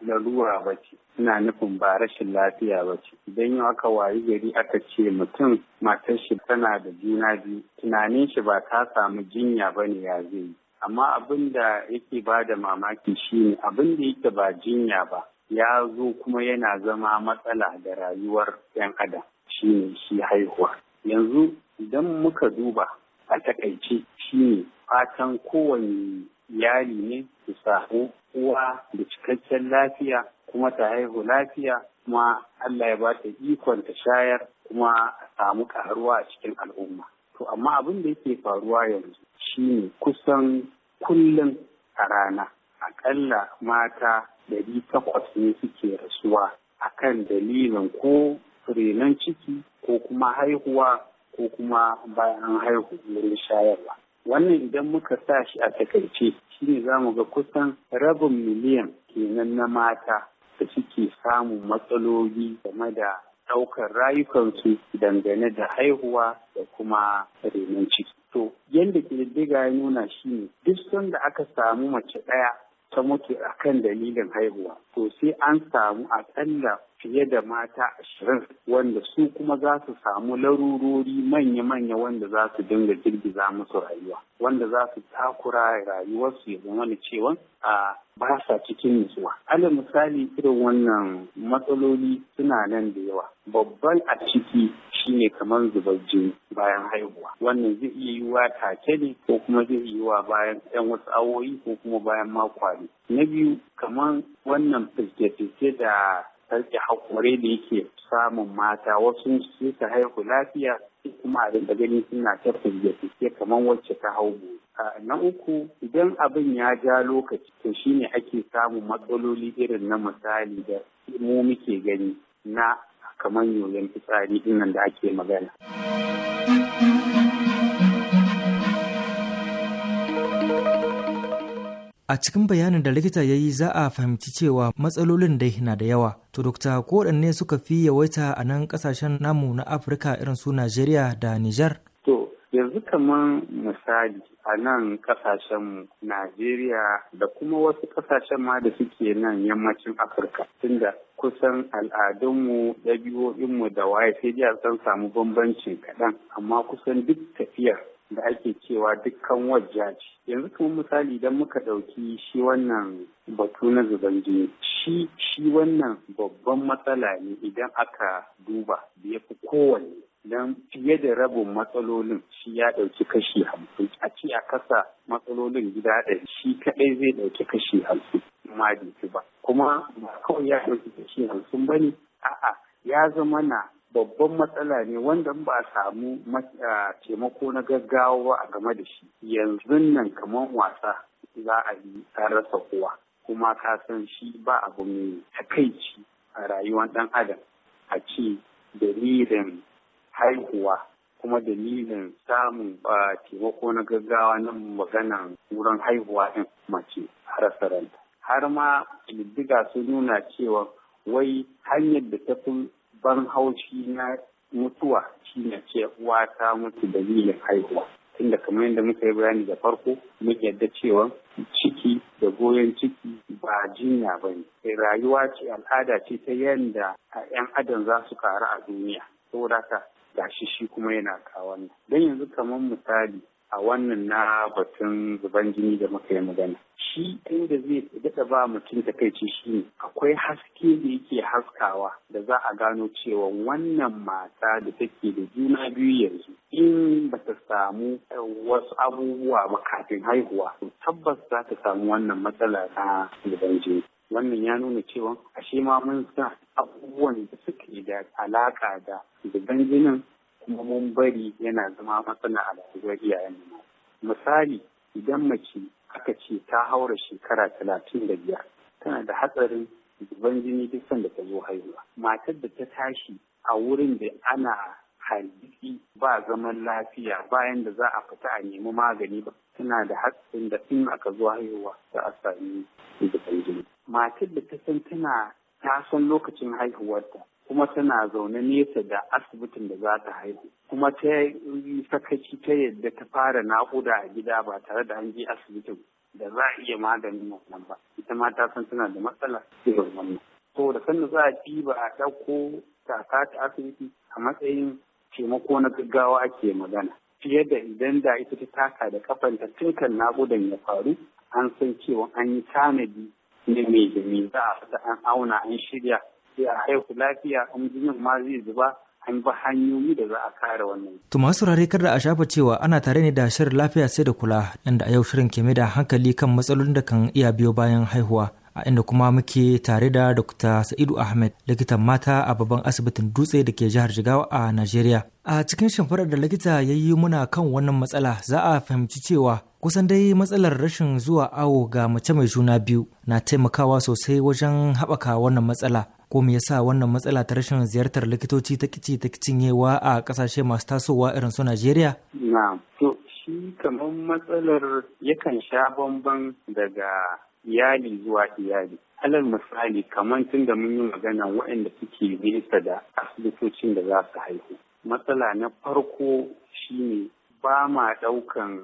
larura ba ce ina nufin ba rashin lafiya ba ce idan yau aka wayi gari aka ce mutum matar shi tana da juna biyu tunanin shi ba ta samu jinya ba ne ya zai yi amma abin da yake ba da mamaki shine abin da yake ba jinya ba ya zo kuma yana zama matsala da rayuwar 'yan adam shine shi haihuwa yanzu idan muka duba a takaice ne. fatan kowane yari ne su sahu, uwa da cikakken lafiya kuma ta haihu lafiya kuma Allah ya ba ta ikon ta shayar kuma a samu karuwa a cikin al'umma. To amma abin da yake faruwa yanzu shi ne kusan kullum a rana akalla mata ɗari takwas ne suke rasuwa a kan dalilin ko renon ciki ko kuma haihuwa ko kuma bayan haihuwar haihu wurin shayarwa. Wannan idan muka sa shi a takaice shi ne za mu ga kusan rabin miliyan kenan na mata da suke samun matsaloli game da ɗaukar rayukansu dangane da haihuwa da kuma renon ciki. To, yadda ƙididdiga ya nuna shi ne, duk sanda aka samu mace ɗaya ta mutu akan dalilin haihuwa, to sai an samu aƙalla fiye da mata ashirin wanda su kuma za su samu larurori manya-manya wanda za su dinga girgiza musu rayuwa wanda za su takura rayuwarsu ya zama da cewa a ba sa cikin nutsuwa. ala misali irin wannan matsaloli suna nan da yawa. Babban a ciki shine kamar zubar jini bayan haihuwa. Wannan zai iya yiwuwa take ne ko kuma zai yiwuwa bayan 'yan wasu awoyi ko kuma bayan makwari, Na biyu kamar wannan fiske-fiske da sauke haƙure da yake samun mata wasu ta haihu lafiya kuma a rinka gani suna ta firge kamar wacce ta hau na uku idan abin ya ja lokaci to shi shine ake samun matsaloli irin na misali da mu muke gani na kamar yoyon fitsari dinnan da ake magana. A cikin bayanin da likita ya yi za a fahimci cewa matsalolin dai na da yawa. To dokta ko ne suka fi yawaita a nan ƙasashen namu na Afirka irin su Najeriya da Nijar? To yanzu kamar misali a nan kasashen Najeriya da kuma wasu kasashen ma da suke nan yammacin Afirka tunda kusan al'adunmu ɗabi'o'inmu da waye sai dai san samu bambancin kaɗan amma kusan duk tafiyar da ake cewa dukkan wajja ce. yanzu kuma misali idan muka ɗauki shi wannan batu na zuban jini shi shi wannan babban matsala ne idan aka duba da ya fi kowanne don fiye da rabin matsalolin shi ya ɗauki kashi hamsin a ce a kasa matsalolin gida da shi kaɗai zai ɗauki kashi hamsin ma ba kuma ba kawai ya ɗauki kashi hamsin ba ne a'a ya zama na babban matsala ne wanda ba a samu taimako na gaggawa a game da shi yanzu nan kamar wasa za a yi karasa rasa kowa kuma ka san shi ba abu mai takaici a rayuwar dan adam a ce dalilin haihuwa kuma dalilin samun taimako na gaggawa na maganan wurin haihuwa ɗin mace a rasa har ma ƙididdiga sun nuna cewa wai hanyar da ta fi Ban haushi na mutuwa shine ce uwa ta mutu dalilin haihuwa tunda kamar yadda muka yi bayani da farko mun yadda cewa ciki da goyon ciki ba jinya ba ne rayuwa ce al'ada ce ta yadda 'yan adam za su karu a duniya saboda ka gashi shi kuma yana kawo don yanzu kamar misali a wannan na batun zuban jini da muka yi magana. Shi inda zai daɗa ba mutum takaici shi ne akwai haske da yake haskawa da za a gano cewa wannan mata da take da juna biyu yanzu in ba ta samu eh, wasu abubuwa ba kafin haihuwa tabbas za ta samu wannan matsala na zuban jini. Wannan ya nuna cewa ashe ma mun sa abubuwan da suke da alaƙa da zuban jinin kuma mun bari yana zama matsala a Najeriya yanzu. Misali idan mace aka ce ta haura shekara talatin da biyar tana da hatsarin zuban jini duk sanda ta zo haihuwa. Matar da ta tashi a wurin da ana hargitsi ba zaman lafiya bayan da za a fita a nemi magani ba tana da hatsarin da in aka zo haihuwa za a sami zuban jini. Matar da ta san tana ta san lokacin haihuwarta kuma tana zaune nesa da asibitin da za ta haihu kuma ta yi sakaci ta yadda ta fara naƙuda a gida ba tare da an je asibitin da za a iya maganin wannan ba ita ma ta san tana da matsala ciwon wannan to da sanda za a ɗiba a ɗauko kaka ta asibiti a matsayin taimako na gaggawa ke magana fiye da idan da ita ta taka da kafanta tun kan naƙudan ya faru an san cewa an yi tanadi ne mai da za a fita an auna an shirya sai a haihu lafiya in jinin ma zai zuba an bi hanyoyi da za a kare wannan. To masu saurare kar da a shafa cewa ana tare ne da shirin lafiya sai da kula inda a yau shirin ke mai da hankali kan matsalolin da kan iya biyo bayan haihuwa. A inda kuma muke tare da Dr. Sa'idu Ahmed likitan mata a babban asibitin dutse da ke jihar Jigawa a Najeriya. A cikin shimfadar da likita ya yi muna kan wannan matsala za a fahimci cewa kusan dai matsalar rashin zuwa awo ga mace mai juna biyu na taimakawa sosai wajen haɓaka wannan matsala ko me yasa wannan matsala ta rashin ziyartar likitoci ta kici ta cinyewa a kasashe masu tasowa irin su Najeriya? Na'am. To shi kamar matsalar yakan sha bamban daga iyali zuwa iyali. alal misali kamar tun da mun yi magana waɗanda suke nesa da asibitocin da za su haihu matsala na farko shine ba ma ɗaukan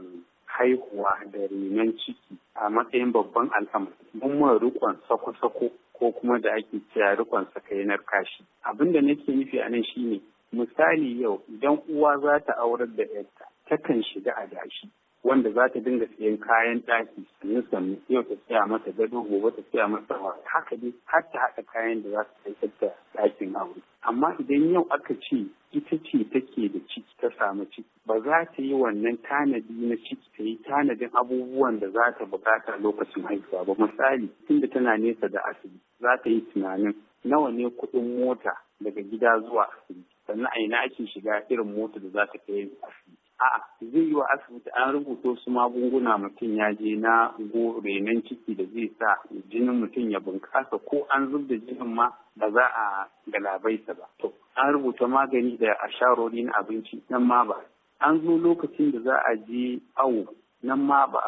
haihuwa da renon ciki a matsayin babban al'amari mun ma rikon sako-sako ko kuma da ake cewa rikon sakainar kashi abin da nake nufi a nan shine misali yau idan uwa za ta aurar da yarta takan shiga adashi wanda za ta dinga siyan kayan ɗaki sannan sannan yau ta siya mata gado gobe ta siya mata haka dai har ta haɗa kayan da za ta kai da ɗakin aure amma idan yau aka ce ita ce take da ciki ta samu ciki ba za ta yi wannan tanadi na ciki ta yi tanadin abubuwan da za ta buƙata lokacin haihuwa ba misali da tana nesa da asibiti za ta yi tunanin nawa ne kuɗin mota daga gida zuwa asibiti sannan a ina ake shiga irin mota da za ta kai asibiti A'a zai yi wa asibiti an rubuta su magunguna mutum ya je na renon ciki da zai sa jinin mutum ya bunƙasa ko an zub da jinin ma ba za a galabaita ba. To an rubuta magani da a na abinci nan ma ba. An zo lokacin da za a je awo nan ma ba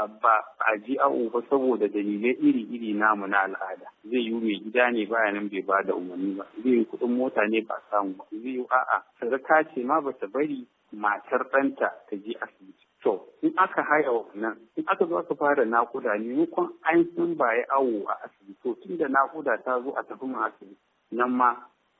a ji awo ba saboda dalilai iri-iri namu na al'ada zai yi mai gida ne baya nan bai ba da umarni ba zai yi kuɗin mota ne ba samu ba zai yi a'a sadaka ce ma ba ta bari matar ɗanta ta je asibiti. To, in aka haya wannan, in aka zo aka fara nakuda maimakon an ba baya awo a asibiti, to tun da nakuda ta zo a tafi mu asibiti, nan ma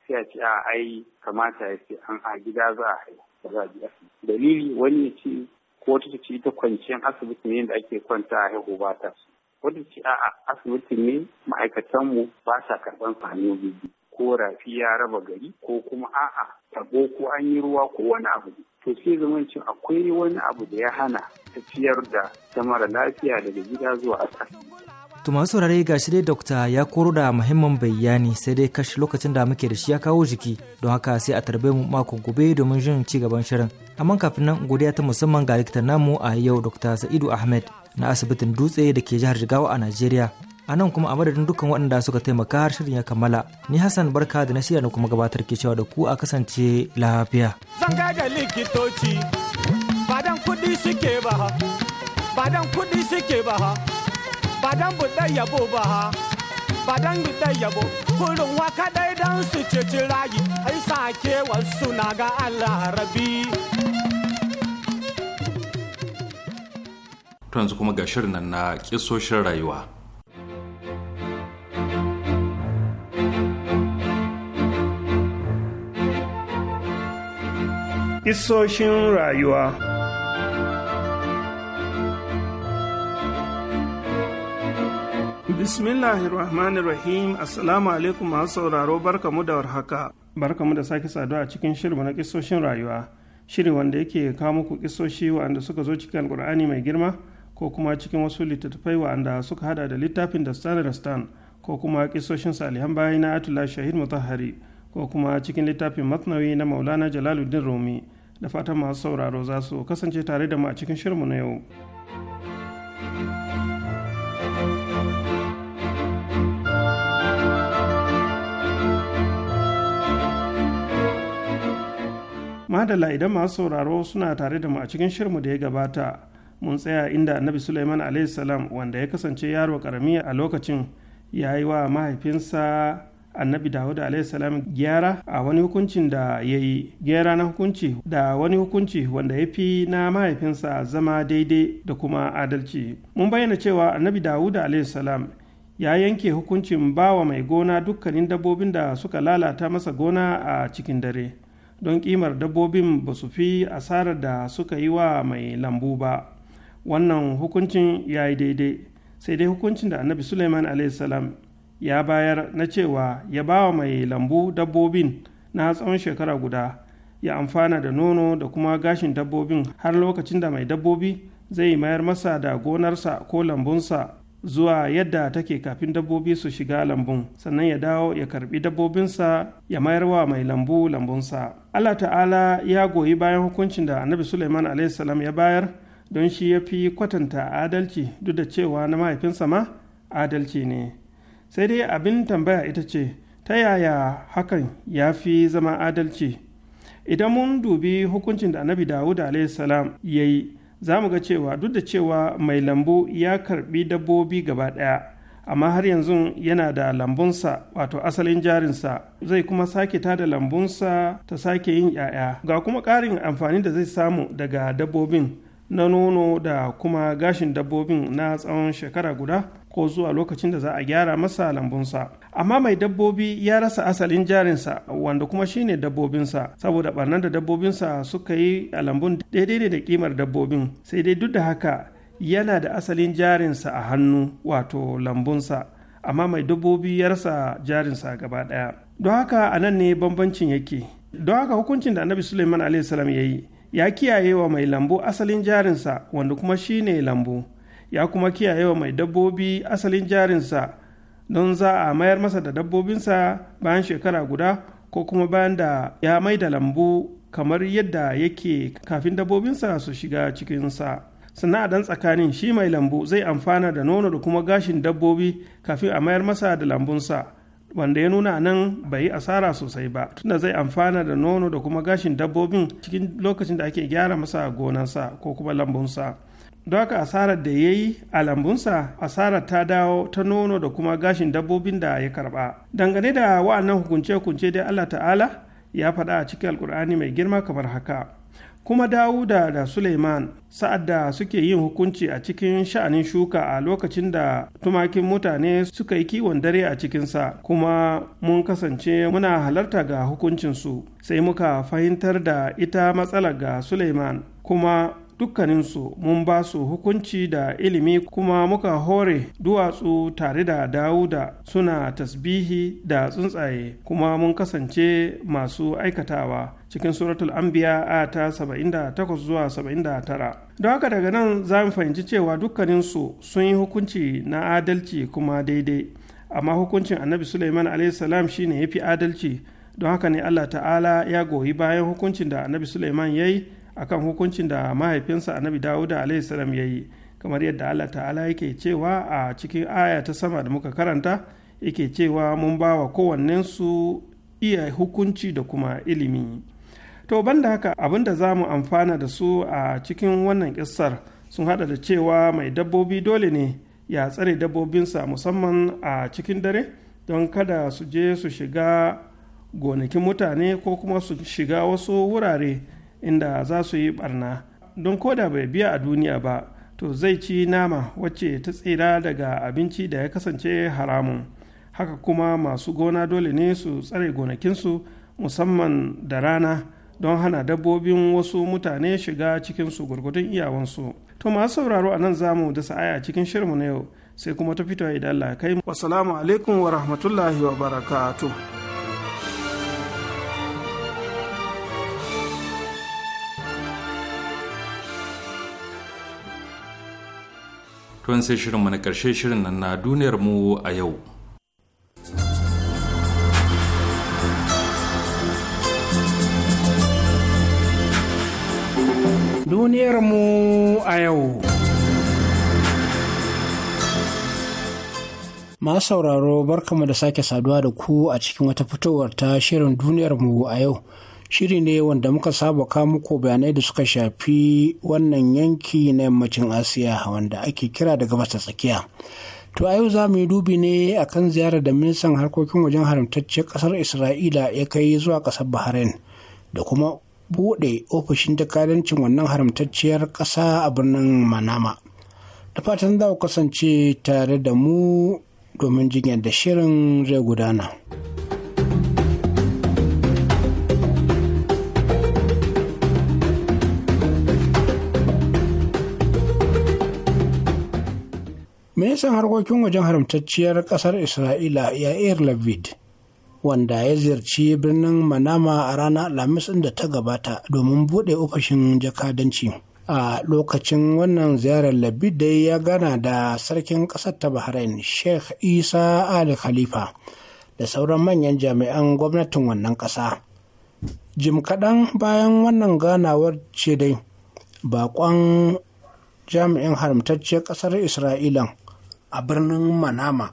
sai a ce a ai kamata ya ce an a gida za a haya, ba za a je asibiti. Dalili wani ya ce ko wata ce ta kwanciyar asibiti ne da ake kwanta a haihu ba ta. Wata ce a asibiti ne ma'aikatanmu ba sa karɓar biyu-biyu. ko rafi ya raba gari ko kuma a'a tabo ko an yi ruwa ko wani abu to sai zaman cin akwai wani abu da ya hana tafiyar da ta lafiya daga gida zuwa asibiti To masu saurare ga shi dai dokta ya koro da muhimman bayani sai dai kashi lokacin da muke da shi ya kawo jiki don haka sai a tarbe mu mako gobe domin jin ci gaban shirin. Amma kafin nan godiya ta musamman ga likitan namu a yau Dr. Sa'idu Ahmed na asibitin Dutse da ke jihar Jigawa a Najeriya. a nan kuma a madadin dukkan waɗanda suka taimaka har shirin ya kammala ni hassan barka da na shirya na kuma gabatar ke cewa da ku a kasance lafiya zan da likitoci badan kuɗi suke ba ha badan kuɗi suke ba ha badan buɗe yabo ba ha badan buɗe yabo kurin waka dai dan su ce ci rayu ai sake wasu na ga allah rabi to kuma ga shirin nan na kisoshin rayuwa Isoshin rayuwa Bismillahirrahmanirrahim Assalamu alaikum masu sauraro barkamu da warhaka. Barkamu da sake saduwa a cikin shirin na kisoshin rayuwa. Shiri wanda yake kawo muku kisoshi anda suka zo cikin alkur'ani mai girma ko kuma cikin wasu littattafai anda suka hada da littafin da da stan ko kuma kisoshin salihan bayi na Atula Shahid Mutahari. ko kuma cikin littafin masnawi na maulana jalaluddin rumi da fatan masu sauraro za su kasance tare da mu a cikin shirinmu na yau madala idan masu sauraro suna tare da mu a cikin shirmu da ya gabata mun tsaya inda annabi suleiman a.s. wanda ya kasance yaro karami a lokacin ya yi wa mahaifinsa annabi dawud alaihissalam gyara a wani hukuncin da ya yi gyara na hukunci da wani hukunci wanda ya fi na mahaifinsa zama daidai da kuma adalci mun bayyana cewa annabi dawud alaihissalam ya yanke hukuncin bawa mai gona dukkanin dabbobin da suka lalata masa gona a cikin dare don kimar dabbobin ba su fi asarar da suka yi wa mai lambu ba wannan hukuncin ya yi daidai sai dai hukuncin da annabi suleiman salam ya bayar na cewa ya ba wa mai lambu dabbobin na tsawon shekara guda ya amfana da nono da kuma gashin dabbobin har lokacin da mai dabbobi zai mayar masa da gonarsa ko lambunsa zuwa yadda take kafin dabbobi su shiga lambun sannan ya dawo ya karbi dabbobinsa ya mayar wa mai lambu lambunsa allah ta'ala ya goyi bayan hukuncin da annabi suleiman salam ya bayar don shi ya fi kwatanta adalci duk da cewa na mahaifinsa ma adalci ne sai dai abin tambaya ita ce ta yaya hakan ya fi zama adalci idan mun dubi hukuncin da annabi dawud salam ya yi za mu ga cewa duk da cewa mai lambu ya karbi dabbobi gaba ɗaya amma har yanzu yana da lambunsa wato asalin jarinsa zai kuma sake ta da lambunsa ta sake yin 'ya'ya ga kuma karin amfani da zai samu daga dabbobin na nono da kuma gashin dabbobin na tsawon shekara guda ko zuwa lokacin da za a gyara masa lambunsa amma mai dabbobi ya rasa asalin jarinsa wanda kuma shine dabbobinsa saboda barnar da dabbobinsa suka yi a lambun daidai ne da kimar dabbobin sai dai duk da haka yana da asalin jarinsa a hannu wato lambunsa amma mai dabbobi ya rasa jarinsa gaba ɗaya don haka a nan ne bambancin yake don haka hukuncin da annabi suleiman a.s. ya yi ya kiyaye wa mai lambu asalin jarinsa wanda kuma shine lambu ya kuma kiyayewa mai dabbobi asalin jarinsa don za a mayar masa da dabbobinsa bayan shekara guda ko kuma bayan da ya mai da lambu kamar yadda yake kafin dabbobinsa su shiga cikinsa sannan a tsakanin shi mai lambu zai amfana da nono da kuma gashin dabbobi kafin a mayar masa da lambunsa wanda ya nuna nan bai yi asara sosai ba tunda zai amfana da nono da kuma gashin dabbobin cikin lokacin da ake gyara masa gonansa ko kuma lambunsa don haka asarar da ya yi a lambunsa asarar ta dawo ta nono da kuma gashin dabbobin da ya karba dangane da wa'annan hukunce-hukunce dai allah ta'ala ya faɗa a cikin alkur'ani mai girma kamar haka kuma dawuda da suleiman sa'ad da suke yin hukunci a cikin sha'anin shuka a lokacin da tumakin mutane suka yi kiwon dare a cikinsa kuma mun kasance muna halarta ga hukuncinsu sai muka fahimtar da ita matsala ga suleiman kuma dukkaninsu mun ba su hukunci da ilimi kuma muka hore duwatsu tare da dawuda suna tasbihi da tsuntsaye kuma mun kasance masu aikatawa cikin suratul anbiya a ta 78 zuwa 79 don haka daga nan za mu fahimci cewa dukkaninsu sun yi hukunci na adalci kuma daidai amma hukuncin annabi suleiman shi shine ya fi adalci don haka ne allah ta'ala ya goyi bayan hukuncin da annabi suleiman ya yi akan hukuncin da mahaifinsa annabi dawuda alaihi salam ya yi kamar yadda allah ta'ala yake cewa a cikin aya ta sama da muka karanta yake cewa mun ba wa kowannensu iya hukunci da kuma ilimi to banda haka abin da za mu amfana da su a cikin wannan kissar sun hada da cewa mai dabbobi dole ne ya tsare dabbobinsa musamman a cikin dare don kada su je su shiga gonakin mutane ko kuma su shiga wasu wurare inda za su yi barna don koda bai biya a duniya ba to zai ci nama wacce ta tsira daga abinci da ya kasance haramun haka kuma masu gona dole ne su tsare gonakinsu musamman da rana don hana dabbobin wasu mutane shiga cikinsu gurgudun iyawansu to masu sauraro a nan zamu da sa'aya cikin shirinmu na yau sai kuma ta fito idan Allah kai mu. alaikum wa rahmatullahi wa barakatuh. kun sai shirin na karshe shirin nan na duniyar mu a yau duniyar mu a yau masu sauraro barkamu da sake saduwa da ku a cikin wata fitowar ta shirin duniyar mu a yau shiri ne wanda muka saba ka muku bayanai da suka shafi wannan yanki na yammacin asiya wanda ake kira da gabas ta tsakiya to a yau za mu yi dubi ne akan ziyarar da ministan harkokin wajen haramtacciyar kasar isra'ila ya kai zuwa kasar bahrain da kuma buɗe ofishin jakadancin wannan haramtacciyar ƙasa a birnin manama da fatan za ku kasance tare da mu domin jinyar da shirin zai gudana. ministan harkokin wajen haramtacciyar kasar isra'ila yair lavid wanda ya ziyarci birnin manama a ranar alhamis da ta gabata domin buɗe ofishin jakadanci a lokacin wannan ziyarar lavid dai ya gana da sarkin ƙasar ta bahrain sheikh isa ali khalifa da sauran manyan jami'an gwamnatin wannan ƙasa jim kaɗan bayan wannan ganawar ce dai bakon jami'in haramtacciyar ƙasar isra'ilan a birnin manama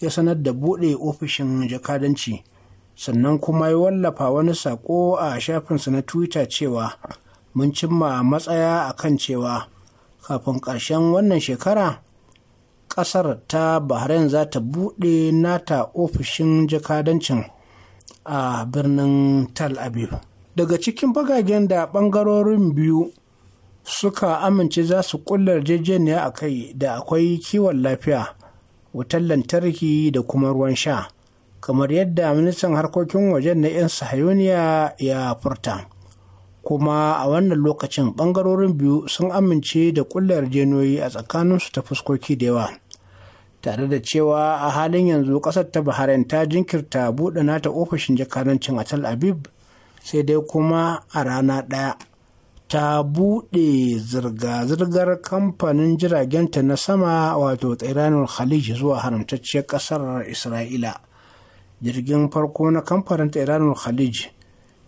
ya sanar da buɗe ofishin jakadanci sannan kuma ya wallafa wani saƙo a shafinsa na twitter cewa mun cimma matsaya a kan cewa kafin ƙarshen wannan shekara ƙasar ta bahrain za ta buɗe nata ofishin jakadancin a birnin Tal Abib. daga cikin bagagen da ɓangarorin biyu suka amince za su ƙulla yarjejeniya a kai da akwai kiwon lafiya wutar lantarki da kuma ruwan sha kamar yadda ministan harkokin wajen na 'yan sahayoniya ya furta kuma a wannan lokacin ɓangarorin biyu sun amince da ƙulla yarjejeniyoyi a tsakaninsu ta fuskoki da yawa tare da cewa a halin yanzu ƙasar ta bahrain ta jinkirta buɗe nata ofishin jakadancin a Abib sai dai kuma a rana ɗaya ta buɗe zirga-zirgar kamfanin jiragenta na sama wato tsiranin khalij zuwa haramtacciyar ƙasar isra'ila jirgin farko na kamfanin tsiranin khalij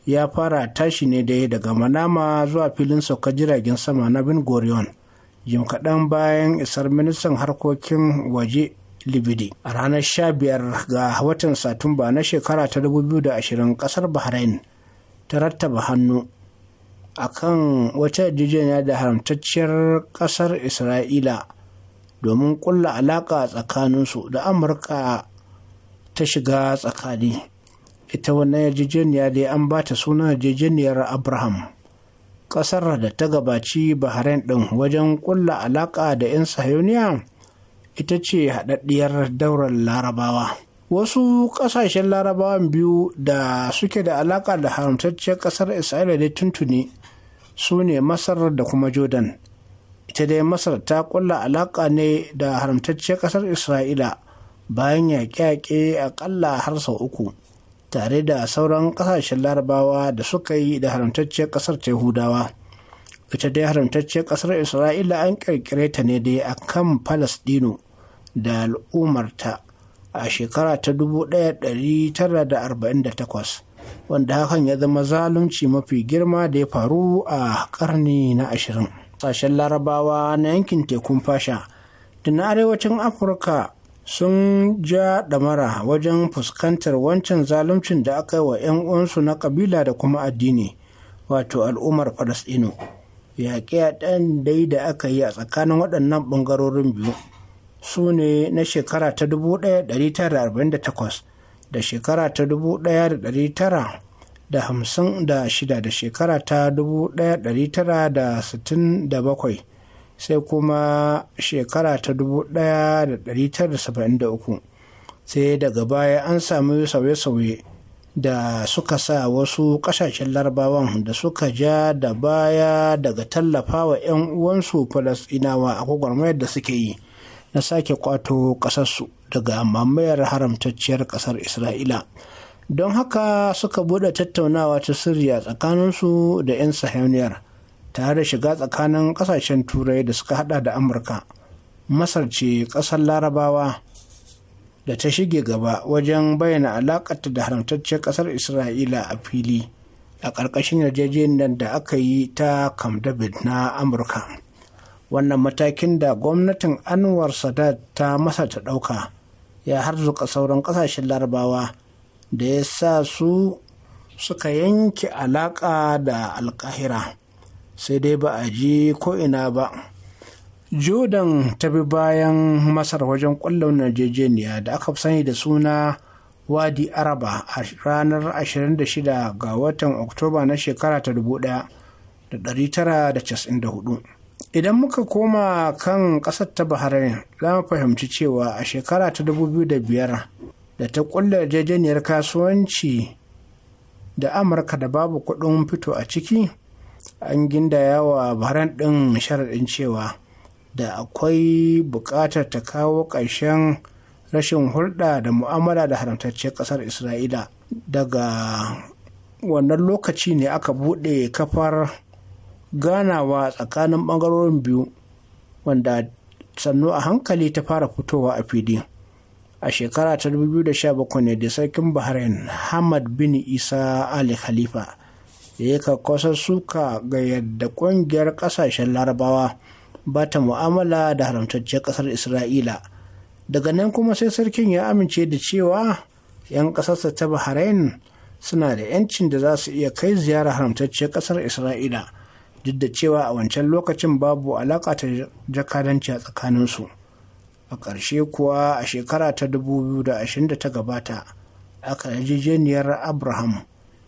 ya fara tashi ne dai daga manama zuwa filin sauka jiragen sama na bin gorion jim kaɗan bayan isar ministan harkokin waje libidi a ranar 15 ga watan satumba na shekara ta 2020 ƙasar bahrain ta rattaba hannu A kan wata yarjejeniya da haramtacciyar ƙasar isra'ila domin ƙulla alaƙa tsakaninsu da amurka ta shiga tsakani ita wannan yarjejeniya dai an ba ta suna yarjejeniyar abraham ƙasar da ta gabaci bahrain ɗin wajen ƙulla alaƙa da 'yan sahiyoniya ita ce haɗaɗɗiyar daular larabawa wasu ƙasashen larabawan biyu da suke da alaƙa da haramtacciyar ƙasar isra'ila da tuntuni su ne masar da kuma jordan ita dai masar ta kulla alaƙa ne da haramtacciyar ƙasar isra'ila bayan yaƙe-yaƙe aƙalla har sau uku tare da sauran ƙasashen larabawa da suka yi da haramtacciyar ƙasar yahudawa ita dai haramtacciyar ƙasar isra'ila an ƙirƙire ta ne dai a kan falasɗinu da al'ummarta a shekara ta 1948 wanda hakan ya zama zalunci mafi girma da ya faru a karni na ashirin sashen larabawa na yankin tekun fasha da na arewacin afirka sun ja damara wajen fuskantar wancan zaluncin da aka yi wa 'yan uwansu na kabila da kuma addini wato al'ummar falasɗinu yaƙe ɗan dai da aka yi a tsakanin waɗannan ɓangarorin biyu su ne na shekara ta 1948 da shekara ta 1956 da shekara ta 1967 sai kuma shekara ta 1973 sai daga baya an sami sauye-sauye da suka sa wasu kasashen larabawan da suka ja da baya daga tallafa wa 'yan uwansu falasɗinawa a gwagwarmayar da suke yi na sake kwato ƙasarsu. daga mamayar haramtacciyar ƙasar isra'ila don haka suka buɗe tattaunawa ta sirri tsakaninsu da 'yan sahaniyar tare da shiga tsakanin ƙasashen turai da suka hada da amurka masar ce ƙasar larabawa da ta shige gaba wajen bayyana alaƙarta da haramtacciyar ƙasar isra'ila a fili a ƙarƙashin yarjejeniyar da aka yi ta camp david na amurka wannan matakin da gwamnatin anwar sadat ta masa ta ɗauka ya harzuka sauran ƙasashen larabawa da ya sa su suka yanke alaƙa da alƙahira sai dai ba a ji ko'ina ba jordan ta bi bayan masar wajen ƙwallon najejeniya da aka sani da suna wadi araba a ranar 26 ga watan oktoba na shekara ta 1994 idan muka koma kan ƙasar ta bahrain za mu fahimci cewa a shekara ta dubu biyu da biyar da ta ƙulla yarjejeniyar kasuwanci da amurka da babu kuɗin fito a ciki an gindaya wa bahrain ɗin sharaɗin cewa da akwai buƙatar ta kawo ƙarshen rashin hulɗa da mu'amala da haramtacciyar ƙasar isra'ila daga wannan lokaci ne aka buɗe kafar ganawa tsakanin ɓangarorin biyu wanda sannu a hankali ta fara fitowa a fili a shekara ta 2017 ne da sarkin bahrain hamad bin isa ali khalifa da ya kakkasa suka ga yadda ƙungiyar ƙasashen larabawa ba ta mu'amala da haramtacciyar ƙasar isra'ila daga nan kuma sai sarkin ya amince da cewa 'yan ƙasarsa ta bahrain suna da 'yancin da za su iya kai ziyara haramtacciyar ƙasar isra'ila duk da cewa a wancan lokacin babu alaƙa ta jakadanci a tsakaninsu a ƙarshe kuwa a shekara ta 2020 ta gabata aka yarjejeniyar abraham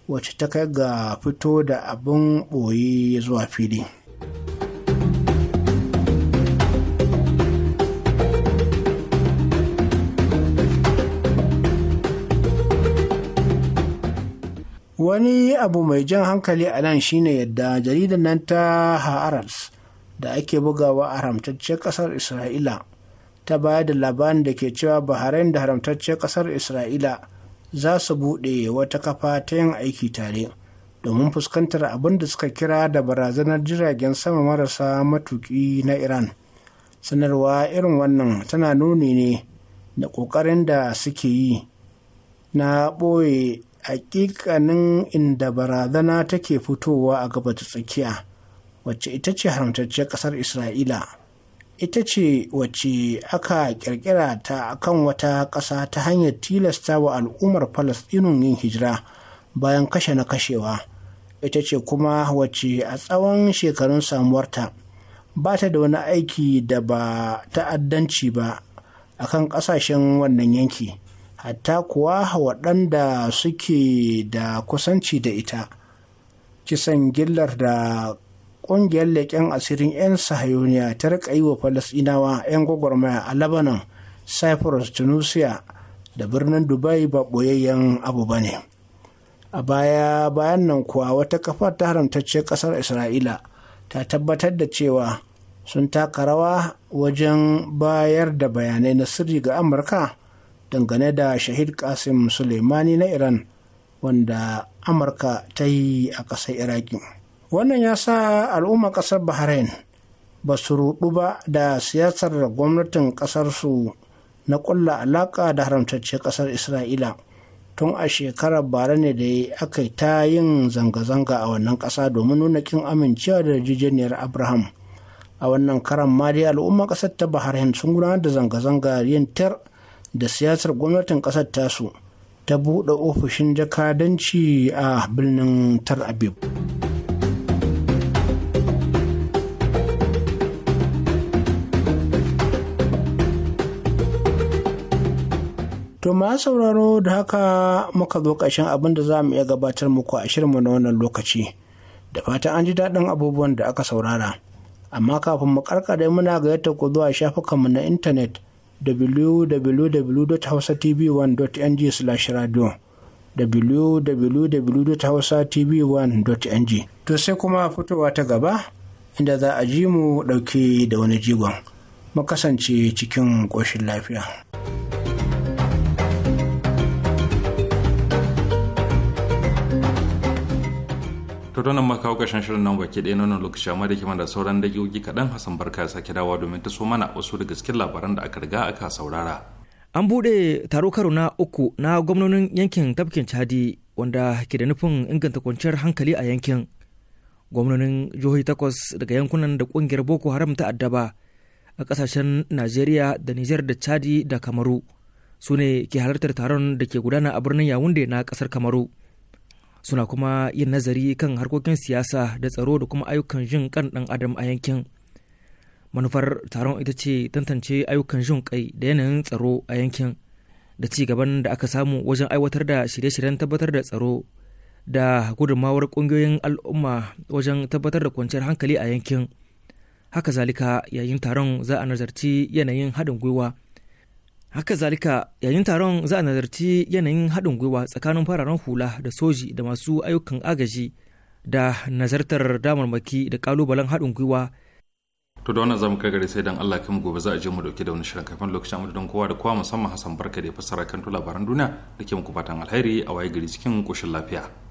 wacce ta kai ga fito da abin ɓoye zuwa fili. wani abu mai jan hankali a nan shine yadda jaridar nan ta Haaretz, da ake bugawa a haramtacciyar kasar isra'ila ta baya da labarin da ke cewa bahrain da haramtacciyar kasar isra'ila za su buɗe wata kafa ta yin aiki tare domin fuskantar abin da suka kira da barazanar jiragen sama marasa matuki na iran sanarwa irin wannan tana nuni ne da ƙoƙarin da suke yi na ɓoye hakikanin inda barazana take fitowa a gaba ta tsakiya wacce ita ce haramtacciyar ƙasar isra'ila ita ce wacce aka kirkira ta akan wata ƙasa ta hanyar tilasta wa al'ummar falasɗinun yin hijira bayan kashe na kashewa ita ce kuma wacce a tsawon shekarun samuwarta ba ta da wani aiki da ba ta'addanci ba akan kan ƙasashen wannan yanki hatta kuwa waɗanda suke da kusanci da ita kisan gillar da ƙungiyar leƙen asirin 'yan sahayoniya ta rika yi wa falasɗinawa 'yan gwagwarmaya a lebanon cyprus tunisia da birnin dubai ba ɓoyayyen abu ba ne a baya bayan nan kuwa wata kafar ta haramtacce ƙasar isra'ila ta tabbatar da cewa sun taka rawa wajen bayar da bayanai na sirri ga amurka dangane da shahid kasim suleimani na iran wanda amurka ta yi a ƙasar iraki wannan ya sa al'ummar ƙasar bahrain ba su rudu ba da siyasar gwamnatin ƙasarsu na ƙulla alaƙa da haramtacce ƙasar isra'ila tun a shekarar bara ne da aka yi ta yin zanga-zanga a wannan ƙasa domin nuna kin amincewa da yarjejeniyar abraham a wannan karan ma dai al'ummar ƙasar ta bahrain sun gudanar da zanga-zanga yin tar da siyasar gwamnatin ƙasar tasu ta buɗe ofishin jakadanci a birnin tar abib To ma sauraro da haka muka zo ƙarshen abin da za mu iya gabatar muku a shirinmu na wannan lokaci. Da fata an ji daɗin abubuwan da aka saurara. Amma kafin mu karkare muna ga yadda ku zuwa shafukanmu na intanet www.hausatv1.ng/radio www.hausatv1.ng to sai kuma fitowa ta gaba inda za a ji mu dauke da wani jigon mu kasance cikin ƙoshin lafiya. to don nan makawo ƙarshen shirin nan baki ɗaya nan lokaci amma da kimanin da sauran daƙiƙoƙi kaɗan hassan barka ya sake dawa domin ta so mana wasu daga cikin labaran da aka riga aka saurara an buɗe taro karo na uku na gwamnonin yankin tafkin chadi wanda ke da nufin inganta kwanciyar hankali a yankin gwamnonin jihohi takwas daga yankunan da kungiyar boko haram ta addaba a kasashen najeriya da nijar da chadi da kamaru su ne ke halartar taron da ke gudana a birnin yawunde na kasar kamaru suna kuma yin nazari kan harkokin siyasa da tsaro da kuma ayyukan jin kan ɗan adam a yankin manufar taron ita ce tantance ayyukan jin kai da yanayin tsaro a yankin da ci gaban da aka samu wajen aiwatar da shirye-shiryen tabbatar da tsaro da gudummawar ƙungiyoyin al'umma wajen tabbatar da kwanciyar hankali a yankin haka zalika yayin taron za a nazarci yanayin haɗin gwiwa haka zalika yayin taron za a nazarci yanayin haɗin gwiwa tsakanin fararen hula da soji da masu ayyukan agaji da nazartar damarmaki da kalubalen haɗin gwiwa to da wannan zamu gari sai dan Allah kin gobe za a je mu dauke da wani shirin kafin lokacin mu don kowa da kowa musamman Hassan Barka da ya fassara kan labaran duniya da ke muku fatan alheri a waye gari cikin koshin lafiya